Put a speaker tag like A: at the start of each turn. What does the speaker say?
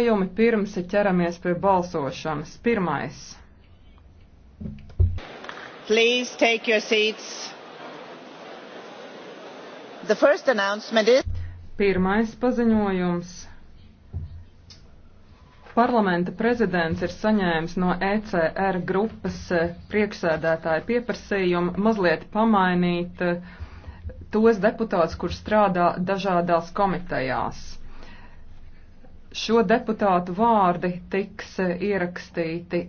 A: Jumi pirms ķeramies pie balsošanas. Pirmais. Please take your seats.
B: The first announcement is. Pirmais paziņojums. Parlamenta prezidents ir saņēmis no ECR grupas eh, priekšsēdētāja pieprasījumu mazliet pamainīt eh, tos deputātus, kur strādā dažādās komitejās šo
C: deputātu vārdi tiks ierakstīti